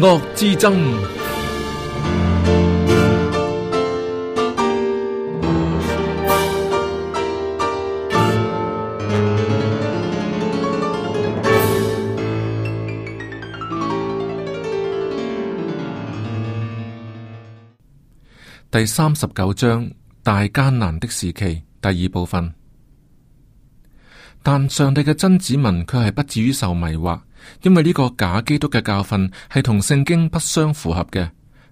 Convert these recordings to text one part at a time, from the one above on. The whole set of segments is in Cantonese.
惡之爭，第三十九章大艱難的時期第二部分。但上帝嘅真子民，卻係不至於受迷惑。因為呢個假基督嘅教訓係同聖經不相符合嘅，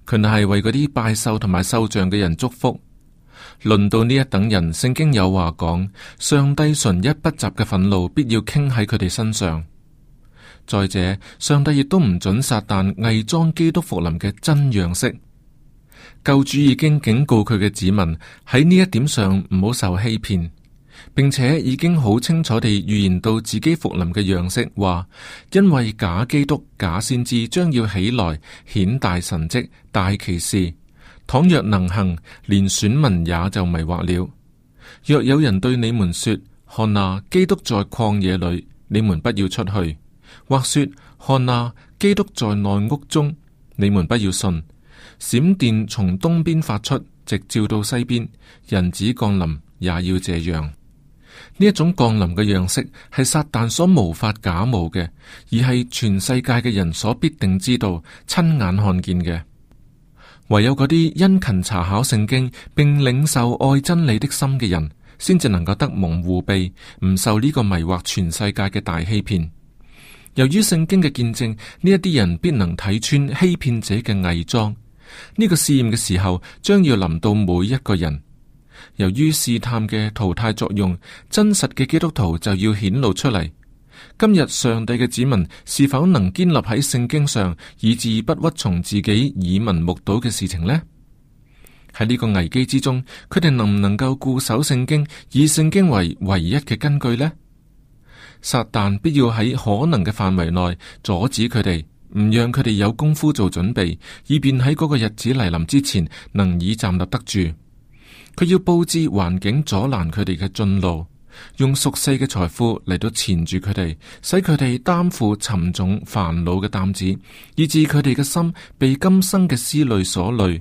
佢係為嗰啲拜獸同埋獸像嘅人祝福。輪到呢一等人，聖經有話講，上帝純一不雜嘅憤怒必要傾喺佢哋身上。再者，上帝亦都唔准撒但偽裝基督復臨嘅真樣式。救主已經警告佢嘅子民喺呢一點上唔好受欺騙。並且已經好清楚地預言到自己復臨嘅樣式，話因為假基督、假先知將要起來顯大神蹟、大奇事。倘若能行，連選民也就迷惑了。若有人對你們說：看哪，基督在曠野裏，你們不要出去；或說：看哪，基督在內屋中，你們不要信。閃電從東邊發出，直照到西邊，人子降臨也要這樣。呢一種降臨嘅樣式，係撒旦所無法假冒嘅，而係全世界嘅人所必定知道、親眼看見嘅。唯有嗰啲殷勤查考聖經並領受愛真理的心嘅人，先至能夠得蒙護庇，唔受呢個迷惑全世界嘅大欺騙。由於聖經嘅見證，呢一啲人必能睇穿欺騙者嘅偽裝。呢、這個試驗嘅時候，將要臨到每一個人。由於試探嘅淘汰作用，真實嘅基督徒就要顯露出嚟。今日上帝嘅子民是否能建立喺聖經上，以至不屈從自己耳聞目睹嘅事情呢？喺呢個危機之中，佢哋能唔能夠固守聖經，以聖經為唯一嘅根據呢？撒旦必要喺可能嘅範圍內阻止佢哋，唔讓佢哋有功夫做準備，以便喺嗰個日子嚟臨之前，能以站立得住。佢要布置環境，阻攔佢哋嘅進路，用俗世嘅財富嚟到纏住佢哋，使佢哋擔負沉重煩惱嘅擔子，以致佢哋嘅心被今生嘅思慮所累。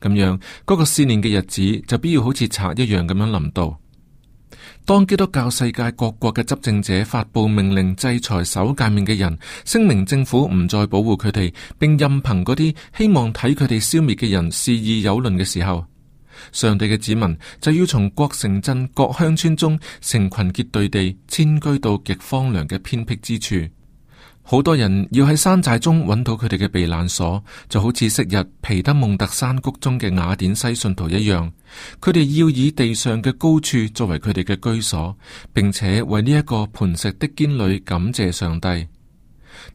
咁樣嗰、那個試煉嘅日子就必要好似賊一樣咁樣臨到。當基督教世界各國嘅執政者發布命令，制裁守誡命嘅人，聲明政府唔再保護佢哋，並任憑嗰啲希望睇佢哋消滅嘅人肆意有論嘅時候，上帝嘅子民就要從各城鎮、各鄉村中成群結隊地遷居到極荒涼嘅偏僻之處，好多人要喺山寨中揾到佢哋嘅避難所，就好似昔日皮德蒙特山谷中嘅雅典西信徒一樣，佢哋要以地上嘅高處作為佢哋嘅居所，並且為呢一個磐石的堅壘感謝上帝。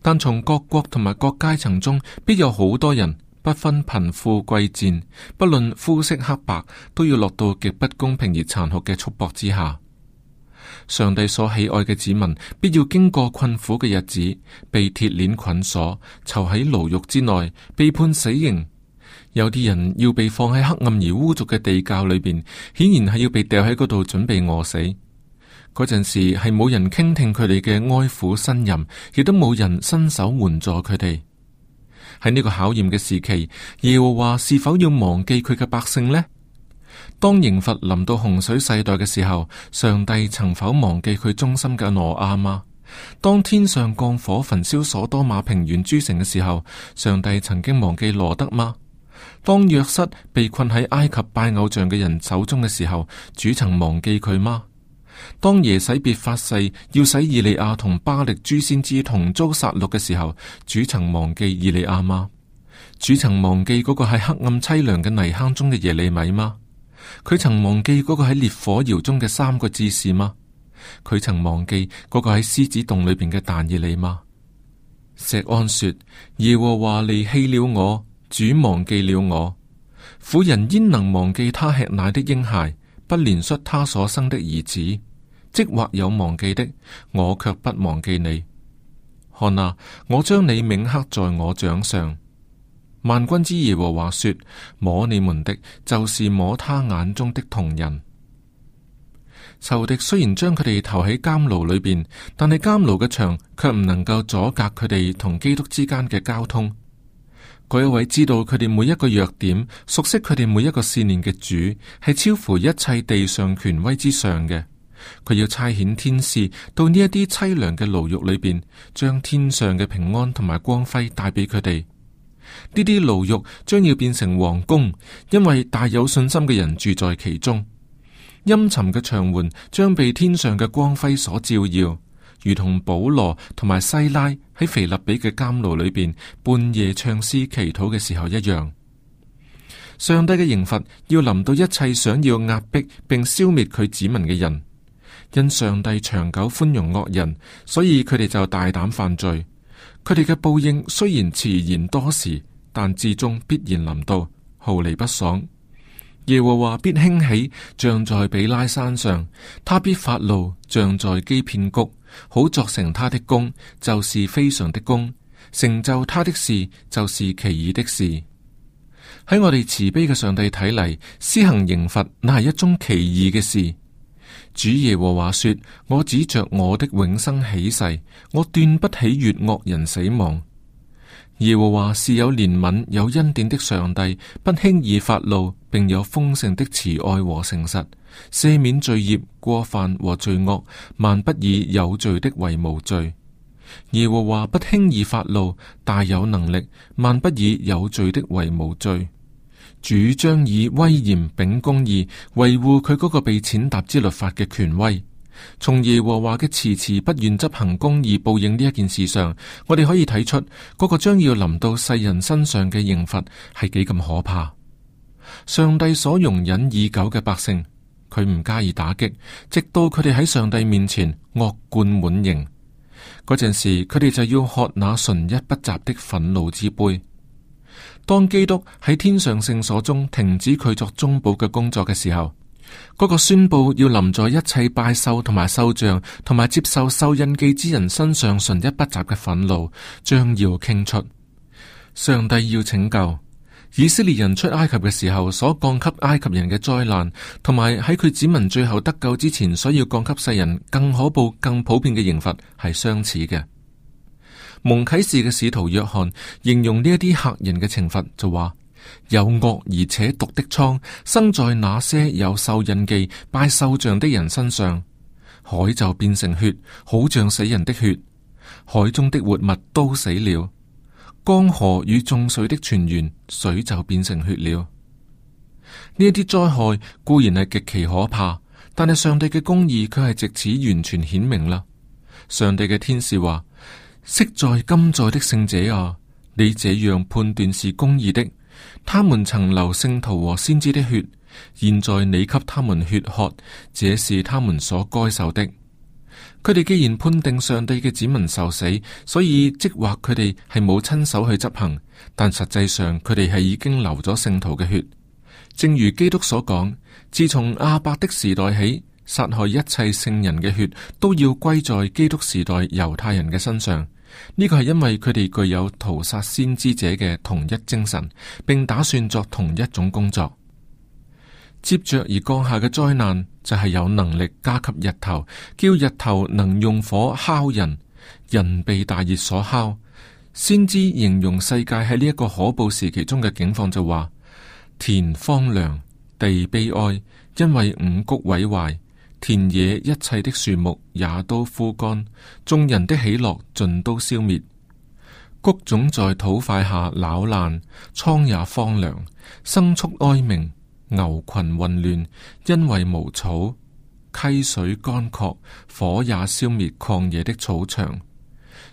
但從各國同埋各階層中，必有好多人。不分貧富貴賤，不論膚色黑白，都要落到極不公平而殘酷嘅束縛之下。上帝所喜愛嘅子民，必要經過困苦嘅日子，被鐵鏈捆鎖，囚喺牢獄之內，被判死刑。有啲人要被放喺黑暗而污濁嘅地窖裏邊，顯然係要被掉喺嗰度準備餓死。嗰陣時係冇人傾聽佢哋嘅哀苦呻吟，亦都冇人伸手援助佢哋。喺呢個考驗嘅時期，耶和華是否要忘記佢嘅百姓呢？當刑罰臨到洪水世代嘅時候，上帝曾否忘記佢忠心嘅挪阿嗎？當天上降火焚燒所多瑪平原諸城嘅時候，上帝曾經忘記羅得嗎？當約瑟被困喺埃及拜偶像嘅人手中嘅時候，主曾忘記佢嗎？當耶洗別發誓要使以利亞同巴力諸先知同遭殺戮嘅時候，主曾忘記以利亞嗎？主曾忘記嗰個喺黑暗淒涼嘅泥坑中嘅耶利米嗎？佢曾忘記嗰個喺烈火窯中嘅三個智士嗎？佢曾忘記嗰個喺獅子洞裏邊嘅但以理嗎？錫安說：耶和華離棄了我，主忘記了我，婦人焉能忘記他吃奶的嬰孩？不連憐恤他所生的兒子，即或有忘記的，我却不忘記你。看啊，我將你銘刻在我掌上。萬軍之耶和華說：摸你們的，就是摸他眼中的瞳人。仇敵雖然將佢哋投喺監牢裏邊，但係監牢嘅牆却唔能夠阻隔佢哋同基督之間嘅交通。嗰一位知道佢哋每一個弱點，熟悉佢哋每一個試煉嘅主，係超乎一切地上權威之上嘅。佢要差遣天使到呢一啲淒涼嘅牢獄裏邊，將天上嘅平安同埋光輝帶俾佢哋。呢啲牢獄將要變成皇宮，因為大有信心嘅人住在其中。陰沉嘅長援將被天上嘅光輝所照耀。如同保羅同埋西拉喺腓立比嘅監牢裏邊半夜唱詩祈禱嘅時候一樣，上帝嘅刑罰要臨到一切想要壓迫並消滅佢子民嘅人。因上帝長久寬容惡人，所以佢哋就大膽犯罪。佢哋嘅報應雖然遲延多時，但至終必然臨到，毫釐不爽。耶和華必興起，像在比拉山上；他必發怒，像在基片谷。好作成他的功，就是非常的功，成就他的事，就是，是奇異的事。喺我哋慈悲嘅上帝睇嚟，施行刑罰，那係一種奇異嘅事。主耶和華說：我指着我的永生起誓，我斷不喜悅惡人死亡。耶和華是有憐憫、有恩典的上帝，不輕易發怒，並有豐盛的慈愛和誠實，赦免罪孽、過犯和罪惡，萬不以有罪的為無罪；耶和華不輕易發怒，大有能力，萬不以有罪的為無罪，主張以威嚴、秉公義維護佢嗰個被踐踏之律法嘅權威。從耶和華嘅遲遲不願執行公義報應呢一件事上，我哋可以睇出嗰個將要臨到世人身上嘅刑罰係幾咁可怕。上帝所容忍已久嘅百姓，佢唔加以打擊，直到佢哋喺上帝面前惡貫滿盈嗰陣時，佢哋就要喝那純一不雜的憤怒之杯。當基督喺天上聖所中停止佢作中保嘅工作嘅時候，嗰個宣布要臨在一切拜獸同埋獸像，同埋接受獸印記之人身上純一不雜嘅憤怒，將要傾出。上帝要拯救以色列人出埃及嘅時候所降給埃及人嘅災難，同埋喺佢子民最後得救之前所要降給世人更可怖、更普遍嘅刑罰，係相似嘅。蒙啟示嘅使徒約翰形容呢一啲客人嘅懲罰，就話。有惡而且毒的瘡生在那些有獸印記、拜獸像的人身上，海就變成血，好像死人的血；海中的活物都死了。江河與眾水的泉源，水就變成血了。呢一啲災害固然係極其可怕，但係上帝嘅公義卻係藉此完全顯明啦。上帝嘅天使話：昔在今在的聖者啊，你這樣判斷是公義的。他們曾流聖徒和先知的血，現在你給他們血喝，這是他們所該受的。佢哋既然判定上帝嘅子民受死，所以即或佢哋係冇親手去執行，但實際上佢哋係已經流咗聖徒嘅血。正如基督所講，自從亞伯的時代起，殺害一切聖人嘅血都要歸在基督時代猶太人嘅身上。呢個係因為佢哋具有屠殺先知者嘅同一精神，並打算作同一種工作。接着而降下嘅災難就係有能力加給日頭，叫日頭能用火烤人，人被大熱所烤。先知形容世界喺呢一個可怖時期中嘅境況就話：田荒涼，地悲哀，因為五穀毀壞。田野一切的樹木也都枯乾，眾人的喜樂盡都消滅。穀種在土塊下朽爛，倉也荒涼，牲畜哀鳴，牛群混亂，因為無草。溪水乾涸，火也消滅曠野的草場。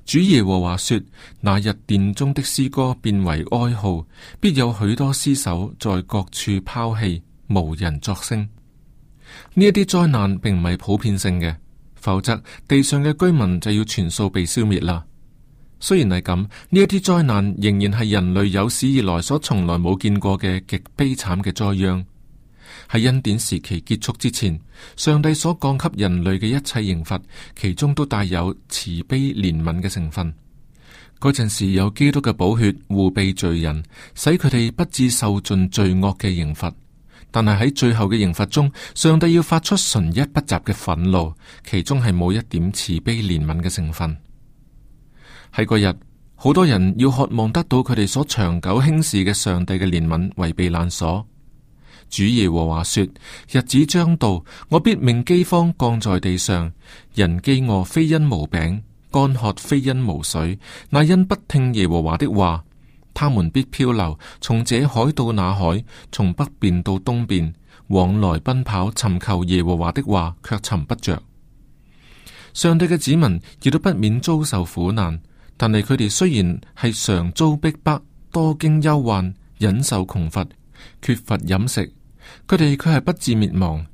主耶和華說：那日殿中的詩歌變為哀號，必有許多屍首在各處拋棄，無人作聲。呢一啲災難並唔係普遍性嘅，否則地上嘅居民就要全數被消滅啦。雖然係咁，呢一啲災難仍然係人類有史以來所從來冇見過嘅極悲慘嘅災殃。喺恩典時期結束之前，上帝所降給人類嘅一切刑罰，其中都帶有慈悲憐憫嘅成分。嗰陣時有基督嘅寶血護庇罪人，使佢哋不至受盡罪惡嘅刑罰。但係喺最後嘅刑罰中，上帝要發出純一不雜嘅憤怒，其中係冇一點慈悲憐憫嘅成分。喺個日，好多人要渴望得到佢哋所長久輕視嘅上帝嘅憐憫，為避難所。主耶和華說：日子將到，我必命饑荒降在地上，人饑餓非因無餅，乾渴非因無水，乃因不聽耶和華的話。他們必漂流，從這海到那海，從北邊到東邊，往來奔跑，尋求耶和華的話，却尋不着。上帝嘅子民亦都不免遭受苦難，但係佢哋雖然係常遭逼迫，多經憂患，忍受窮乏，缺乏飲食，佢哋却係不致滅亡。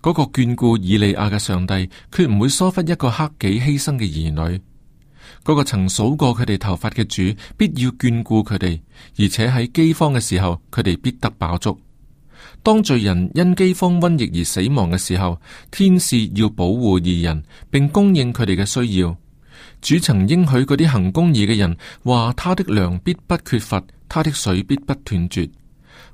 嗰、那個眷顧以利亞嘅上帝，決唔會疏忽一個克己犧牲嘅兒女。嗰個曾數過佢哋頭髮嘅主，必要眷顧佢哋，而且喺饑荒嘅時候，佢哋必得飽足。當罪人因饑荒瘟疫而死亡嘅時候，天使要保護義人，並供應佢哋嘅需要。主曾應許嗰啲行公義嘅人，話他的糧必不缺乏，他的水必不斷絕。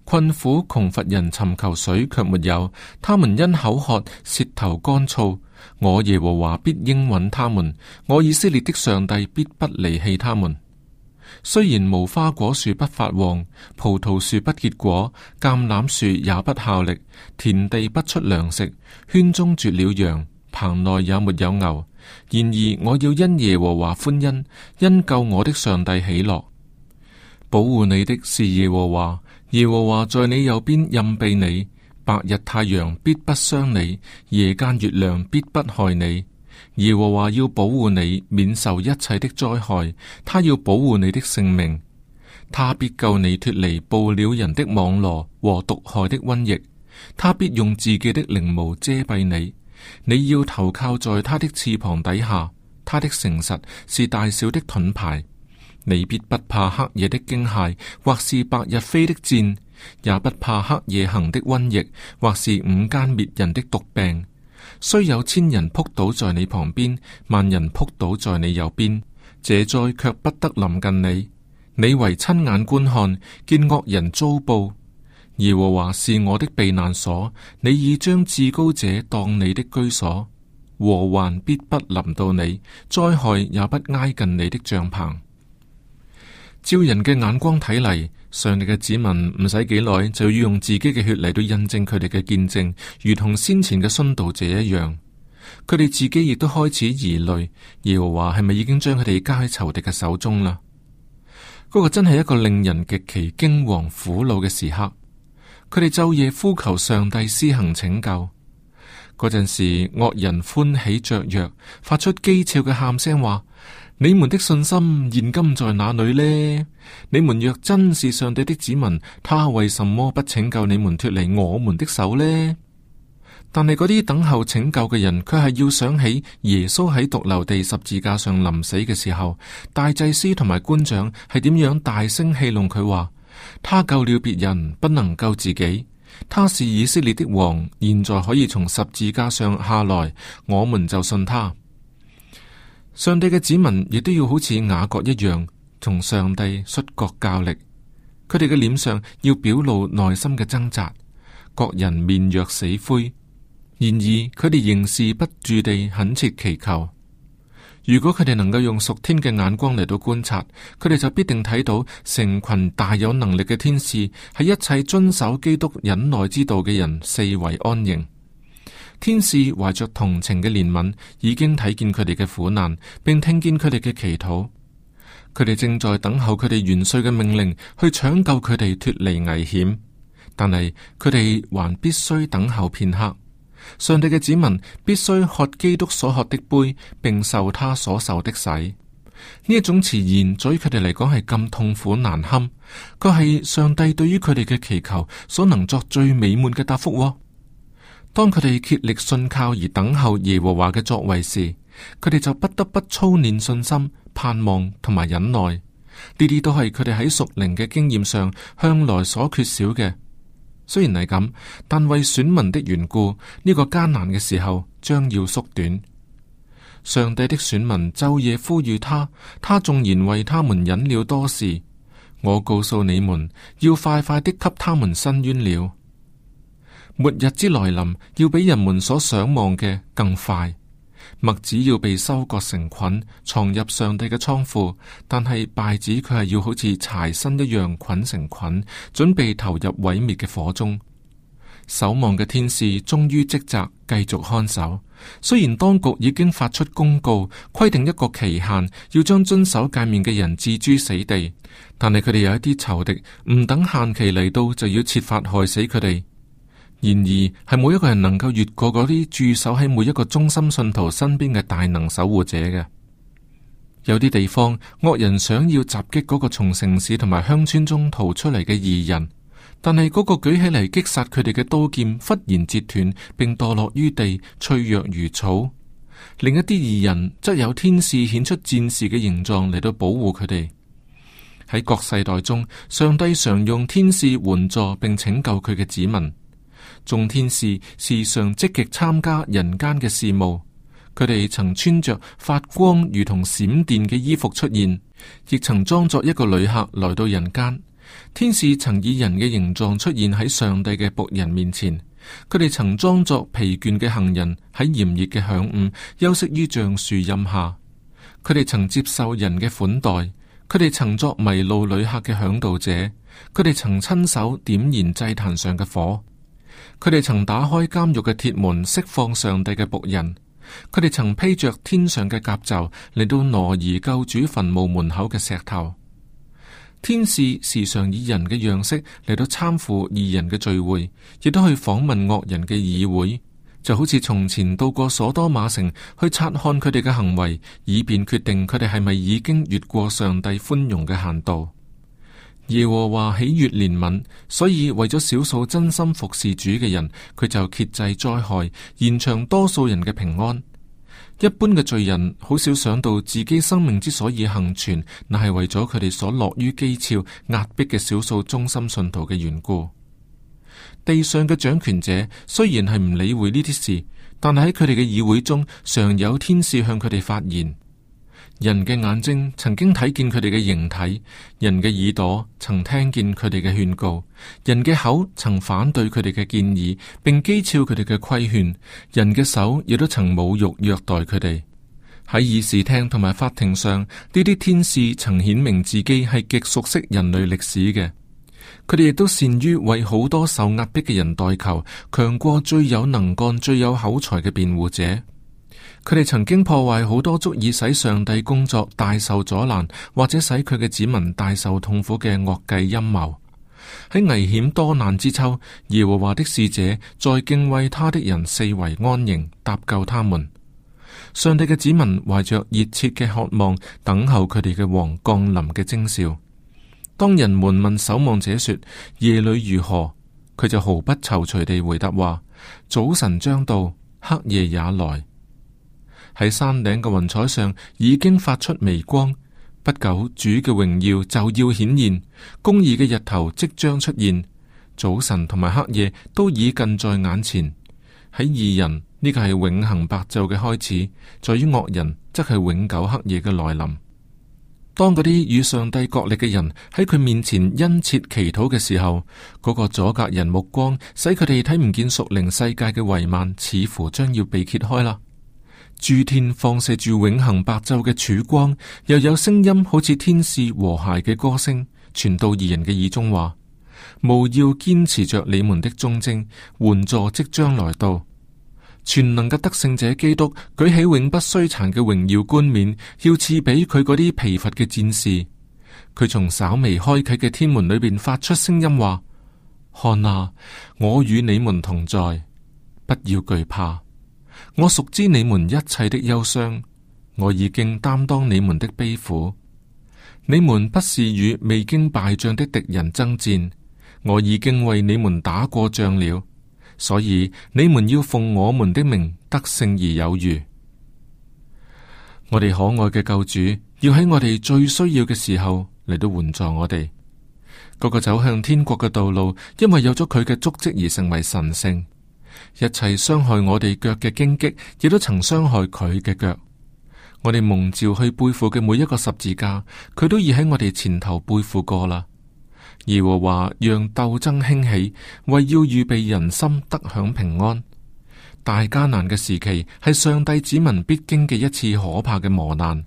困苦窮乏人尋求水卻沒有，他們因口渴，舌頭乾燥。我耶和華必應允他們，我以色列的上帝必不離棄他們。雖然無花果樹不發旺，葡萄樹不結果，橄欖樹也不效力，田地不出糧食，圈中絕了羊，棚內也沒有牛。然而我要因耶和華歡欣，因救我的上帝喜樂。保護你的，是耶和華，耶和華在你右邊蔭庇你。白日太陽必不傷你，夜間月亮必不害你。耶和華要保護你，免受一切的災害。他要保護你的性命，他必救你脱離捕鳥人的網羅和毒害的瘟疫。他必用自己的翎毛遮蔽你，你要投靠在他的翅膀底下。他的誠實是大小的盾牌，你必不怕黑夜的驚駭，或是白日飛的箭。也不怕黑夜行的瘟疫，或是午間滅人的毒病。雖有千人撲倒在你旁邊，萬人撲倒在你右邊，這災却不得臨近你。你為親眼觀看，見惡人遭報。耶和華是我的避難所，你已將至高者當你的居所。禍患必不臨到你，災害也不挨近你的帳棚。照人嘅眼光睇嚟，上帝嘅子民唔使幾耐就要用自己嘅血嚟，到印證佢哋嘅見證，如同先前嘅殉道者一樣。佢哋自己亦都開始疑慮，耶和華係咪已經將佢哋加喺仇敵嘅手中啦？嗰個真係一個令人極其驚惶苦惱嘅時刻。佢哋晝夜呼求上帝施行拯救。嗰陣時，惡人歡喜雀躍，發出譏笑嘅喊聲，話。你們的信心現今在哪裏呢？你們若真是上帝的子民，他為什麼不拯救你們脫離我們的手呢？但係嗰啲等候拯救嘅人，佢係要想起耶穌喺獨留地十字架上臨死嘅時候，大祭司同埋官長係點樣大聲戲弄佢話：他救了別人，不能救自己。他是以色列的王，現在可以從十字架上下來，我們就信他。上帝嘅子民亦都要好似雅各一樣，同上帝摔角較力，佢哋嘅臉上要表露內心嘅掙扎，各人面若死灰。然而佢哋仍是不住地懇切祈求。如果佢哋能夠用屬天嘅眼光嚟到觀察，佢哋就必定睇到成群大有能力嘅天使，喺一切遵守基督忍耐之道嘅人四圍安營。天使懷着同情嘅憐憫，已經睇見佢哋嘅苦難，並聽見佢哋嘅祈禱。佢哋正在等候佢哋元帥嘅命令，去搶救佢哋脫離危險。但係佢哋還必須等候片刻。上帝嘅子民必須喝基督所喝的杯，並受他所受的洗。呢一種遲延，在於佢哋嚟講係咁痛苦難堪，卻係上帝對於佢哋嘅祈求所能作最美滿嘅答覆哦。當佢哋竭力信靠而等候耶和華嘅作為時，佢哋就不得不操練信心、盼望同埋忍耐。呢啲都係佢哋喺屬靈嘅經驗上向來所缺少嘅。雖然係咁，但為選民的緣故，呢個艱難嘅時候將要縮短。上帝的選民晝夜呼籲他，他縱然為他們忍了多時，我告訴你們，要快快的給他們伸冤了。末日之來臨要比人們所想望嘅更快。麥子要被收割成捆，藏入上帝嘅倉庫；但係稗子佢係要好似柴薪一樣，捆成捆，準備投入毀滅嘅火中。守望嘅天使忠於職責，繼續看守。雖然當局已經發出公告，規定一個期限，要將遵守誡命嘅人置諸死地，但係佢哋有一啲仇敵，唔等限期嚟到，就要設法害死佢哋。然而，係每一個人能夠越過嗰啲駐守喺每一個忠心信徒身邊嘅大能守護者嘅。有啲地方惡人想要襲擊嗰個從城市同埋鄉村中逃出嚟嘅異人，但係嗰個舉起嚟擊殺佢哋嘅刀劍忽然折斷，並墮落於地，脆弱如草。另一啲異人則有天使顯出戰士嘅形狀嚟到保護佢哋。喺各世代中，上帝常用天使援助並拯救佢嘅子民。眾天使時常積極參加人間嘅事務，佢哋曾穿着發光如同閃電嘅衣服出現，亦曾裝作一個旅客來到人間。天使曾以人嘅形狀出現喺上帝嘅僕人面前，佢哋曾裝作疲倦嘅行人喺炎熱嘅晌午休息於橡樹蔭下，佢哋曾接受人嘅款待，佢哋曾作迷路旅客嘅嚮導者，佢哋曾親手點燃祭壇上嘅火。佢哋曾打開監獄嘅鐵門釋放上帝嘅僕人，佢哋曾披着天上嘅甲冑嚟到挪移救主墳墓門口嘅石頭。天使時常以人嘅樣式嚟到參與二人嘅聚會，亦都去訪問惡人嘅議會，就好似從前到過所多瑪城去察看佢哋嘅行為，以便決定佢哋係咪已經越過上帝寬容嘅限度。耶和華喜悅憐憫，所以為咗少數真心服侍主嘅人，佢就遏制災害，延長多數人嘅平安。一般嘅罪人好少想到自己生命之所以幸存，乃係為咗佢哋所落於譏誚、壓迫嘅少數忠心信徒嘅緣故。地上嘅掌權者雖然係唔理會呢啲事，但係喺佢哋嘅議會中，常有天使向佢哋發言。人嘅眼睛曾經睇見佢哋嘅形體，人嘅耳朵曾聽見佢哋嘅勸告，人嘅口曾反對佢哋嘅建議，並譏誚佢哋嘅規勸，人嘅手亦都曾侮辱虐待佢哋。喺議事廳同埋法庭上，呢啲天使曾顯明自己係極熟悉人類歷史嘅，佢哋亦都善於為好多受壓迫嘅人代求，強過最有能幹、最有口才嘅辯護者。佢哋曾經破壞好多足以使上帝工作大受阻攔，或者使佢嘅子民大受痛苦嘅惡計陰謀。喺危險多難之秋，耶和華的使者在敬畏他的人四圍安營，搭救他們。上帝嘅子民懷着熱切嘅渴望，等候佢哋嘅王降臨嘅徵兆。當人們問守望者說夜裏如何，佢就毫不躊躇地回答話：早晨將到，黑夜也來。喺山頂嘅雲彩上已經發出微光，不久主嘅榮耀就要顯現，公義嘅日頭即將出現，早晨同埋黑夜都已近在眼前。喺義人呢個係永恆白晝嘅開始，在於惡人則係永久黑夜嘅來臨。當嗰啲與上帝角力嘅人喺佢面前殷切祈禱嘅時候，嗰、那個阻隔人目光使佢哋睇唔見屬靈世界嘅帷幔，似乎將要被揭開啦。諸天放射住永恒白晝嘅曙光，又有聲音好似天使和諧嘅歌聲，傳到義人嘅耳中話：務要堅持着你們的忠貞，援助即將來到。全能嘅得勝者基督舉起永不衰殘嘅榮耀冠冕，要賜俾佢嗰啲疲乏嘅戰士。佢從稍微開啟嘅天門裏邊發出聲音話：看啊，我與你們同在，不要懼怕。我熟知你們一切的憂傷，我已經擔當你們的悲苦。你們不是與未經敗仗的敵人爭戰，我已經為你們打過仗了。所以你們要奉我們的名得勝而有餘。我哋可愛嘅救主，要喺我哋最需要嘅時候嚟到援助我哋。個個走向天國嘅道路，因為有咗佢嘅足跡而成為神聖。一切傷害我哋腳嘅荊棘，亦都曾傷害佢嘅腳。我哋蒙召去背負嘅每一個十字架，佢都已喺我哋前頭背負過啦。耶和華讓鬥爭興起，為要預備人心得享平安。大艱難嘅時期，係上帝子民必經嘅一次可怕嘅磨難。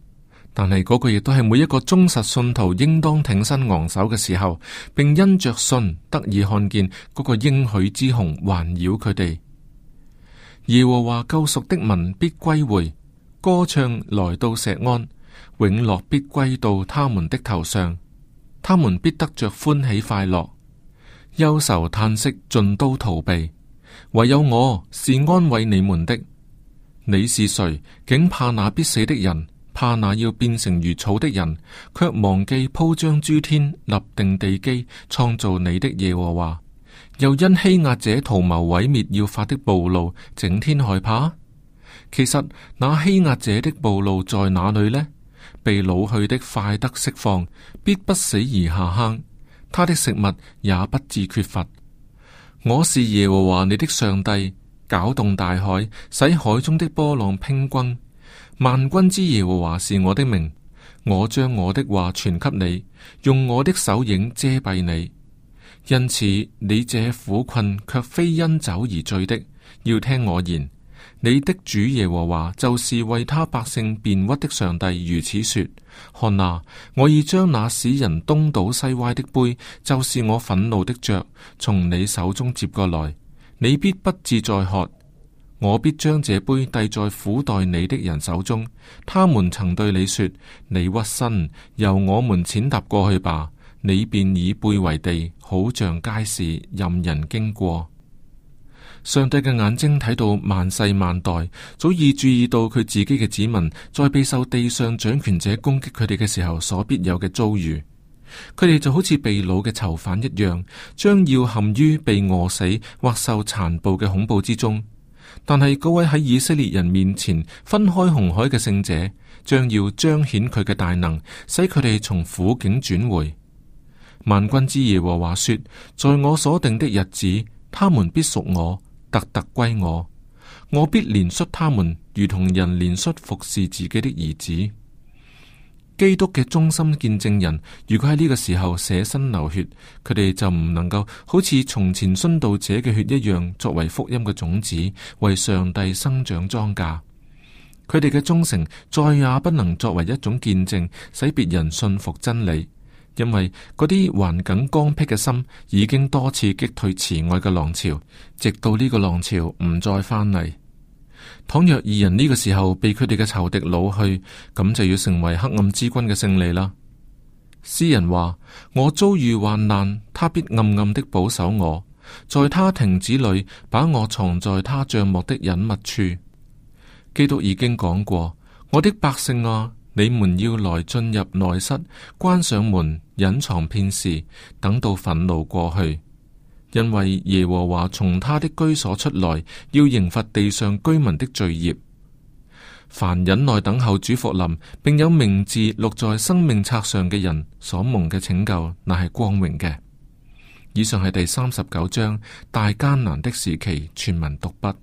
但係嗰個亦都係每一個忠實信徒應當挺身昂首嘅時候，並因着信得以看見嗰、那個應許之虹環繞佢哋。耶和華救贖的民必歸回，歌唱來到石安，永樂必歸到他們的頭上，他們必得着歡喜快樂，憂愁嘆息盡都逃避，唯有我是安慰你們的。你是誰竟怕那必死的人？怕那要變成如草的人，卻忘記鋪張諸天、立定地基、創造你的耶和華，又因欺壓者圖謀毀滅要發的暴怒，整天害怕。其實那欺壓者的暴怒在哪裏呢？被老去的快得釋放，必不死而下坑，他的食物也不致缺乏。我是耶和華你的上帝，攪動大海，使海中的波浪拼均。萬軍之耶和華是我的名，我將我的話傳給你，用我的手影遮蔽你。因此你這苦困卻非因酒而醉的，要聽我言。你的主耶和華就是為他百姓辨屈的上帝，如此說：看哪，我已將那使人東倒西歪的杯，就是我憤怒的爵，從你手中接過來，你必不致再喝。我必將這杯遞在苦待你的人手中，他們曾對你說：你屈身，由我們踐踏過去吧。你便以背為地，好像街市任人經過。上帝嘅眼睛睇到萬世萬代，早已注意到佢自己嘅子民，在備受地上掌權者攻擊佢哋嘅時候所必有嘅遭遇。佢哋就好似被擄嘅囚犯一樣，將要陷於被餓死或受殘暴嘅恐怖之中。但係嗰位喺以色列人面前分開紅海嘅聖者，將要彰顯佢嘅大能，使佢哋從苦境轉回。萬軍之耶和華說：在我所定的日子，他們必屬我，特特歸我。我必憐恤他們，如同人憐恤服侍自己的兒子。基督嘅忠心見證人，如果喺呢個時候捨身流血，佢哋就唔能夠好似從前殉道者嘅血一樣，作為福音嘅種子，為上帝生長莊稼。佢哋嘅忠誠再也不能作為一種見證，使別人信服真理，因為嗰啲頑梗剛愎嘅心，已經多次擊退慈愛嘅浪潮，直到呢個浪潮唔再翻嚟。倘若二人呢個時候被佢哋嘅仇敵擄去，咁就要成為黑暗之君嘅勝利啦。詩人話：我遭遇患難，他必暗暗的保守我，在他亭子裏把我藏在他帳幕的隱密處。基督已經講過：我的百姓啊，你們要來進入內室，關上門，隱藏片時，等到憤怒過去。因為耶和華從他的居所出來，要刑罰地上居民的罪孽。凡忍耐等候主復臨，並有名字錄在生命冊上嘅人，所蒙嘅拯救，乃係光榮嘅。以上係第三十九章大艱難的時期，全文讀畢。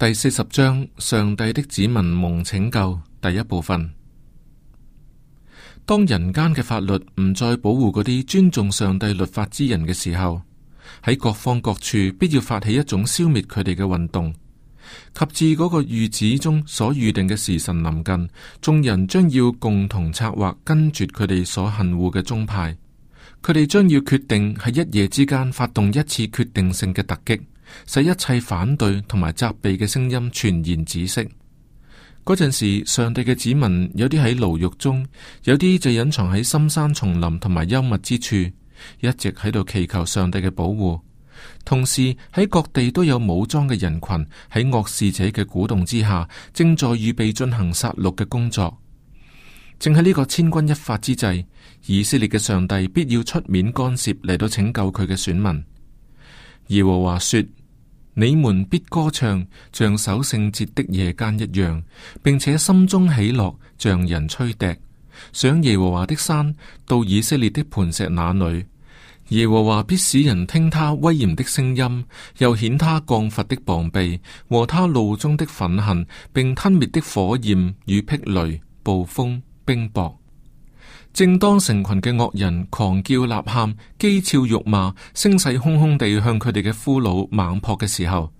第四十章：上帝的子民蒙拯救。第一部分。當人間嘅法律唔再保護嗰啲尊重上帝律法之人嘅時候，喺各方各處必要發起一種消滅佢哋嘅運動。及至嗰個預旨中所預定嘅時辰臨近，眾人將要共同策劃根絕佢哋所恨惡嘅宗派。佢哋將要決定喺一夜之間發動一次決定性嘅突擊。使一切反對同埋責備嘅聲音全然止息。嗰陣時，上帝嘅子民有啲喺牢獄中，有啲就隱藏喺深山叢林同埋幽密之處，一直喺度祈求上帝嘅保護。同時喺各地都有武裝嘅人群喺惡事者嘅鼓動之下，正在預備進行殺戮嘅工作。正喺呢個千鈞一髮之際，以色列嘅上帝必要出面干涉嚟到拯救佢嘅選民。耶和華說你們必歌唱，像守聖節的夜間一樣，並且心中喜樂，像人吹笛。上耶和華的山，到以色列的磐石那裡，耶和華必使人聽他威嚴的聲音，又顯他降罰的膀臂和他怒中的憤恨，並吞滅的火焰與霹雷、暴風、冰雹。正當成群嘅惡人狂叫、吶喊、譏笑、辱罵，聲勢洶洶地向佢哋嘅俘虜猛撲嘅時候，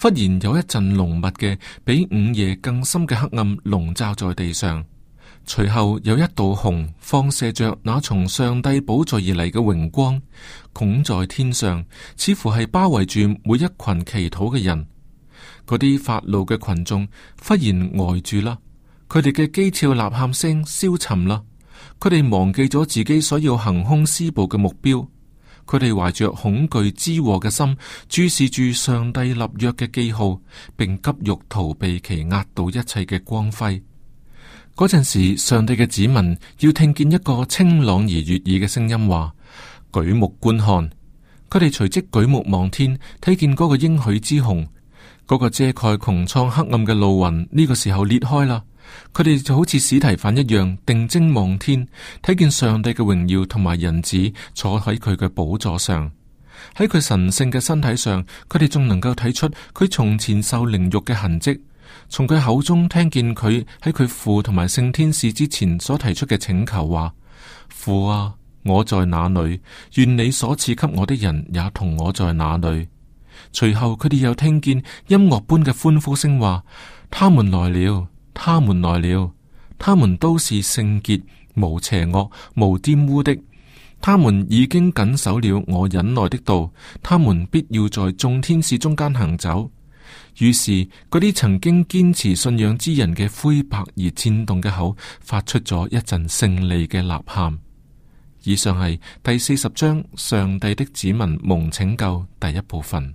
忽然有一陣濃密嘅比午夜更深嘅黑暗籠罩在地上。隨後有一道紅放射着，那從上帝寶座而嚟嘅榮光，拱在天上，似乎係包圍住每一群祈禱嘅人。嗰啲發怒嘅群眾忽然呆住啦，佢哋嘅譏笑、吶喊聲消沉啦。佢哋忘記咗自己所要行凶施暴嘅目標，佢哋懷着恐懼之禍嘅心，注視住上帝立約嘅記號，並急欲逃避其壓倒一切嘅光輝。嗰陣時，上帝嘅子民要聽見一個清朗而悅耳嘅聲音話：舉目觀看！佢哋隨即舉目望天，睇見嗰個應許之虹，嗰、那個遮蓋穹蒼黑暗嘅路雲，呢、這個時候裂開啦。佢哋就好似史提犯一樣，定睛望天，睇見上帝嘅榮耀同埋人子坐喺佢嘅寶座上。喺佢神聖嘅身體上，佢哋仲能夠睇出佢從前受凌辱嘅痕跡。從佢口中聽見佢喺佢父同埋聖天使之前所提出嘅請求話：父啊，我在哪裏？願你所賜給我的人也同我在哪裏。隨後佢哋又聽見音樂般嘅歡呼聲話：他們來了。他們來了，他們都是聖潔、無邪惡、無玷污的，他們已經謹守了我忍耐的道，他們必要在眾天使中間行走。於是，嗰啲曾經堅持信仰之人嘅灰白而顫動嘅口，發出咗一陣勝利嘅吶喊。以上係第四十章上帝的子民蒙拯救第一部分。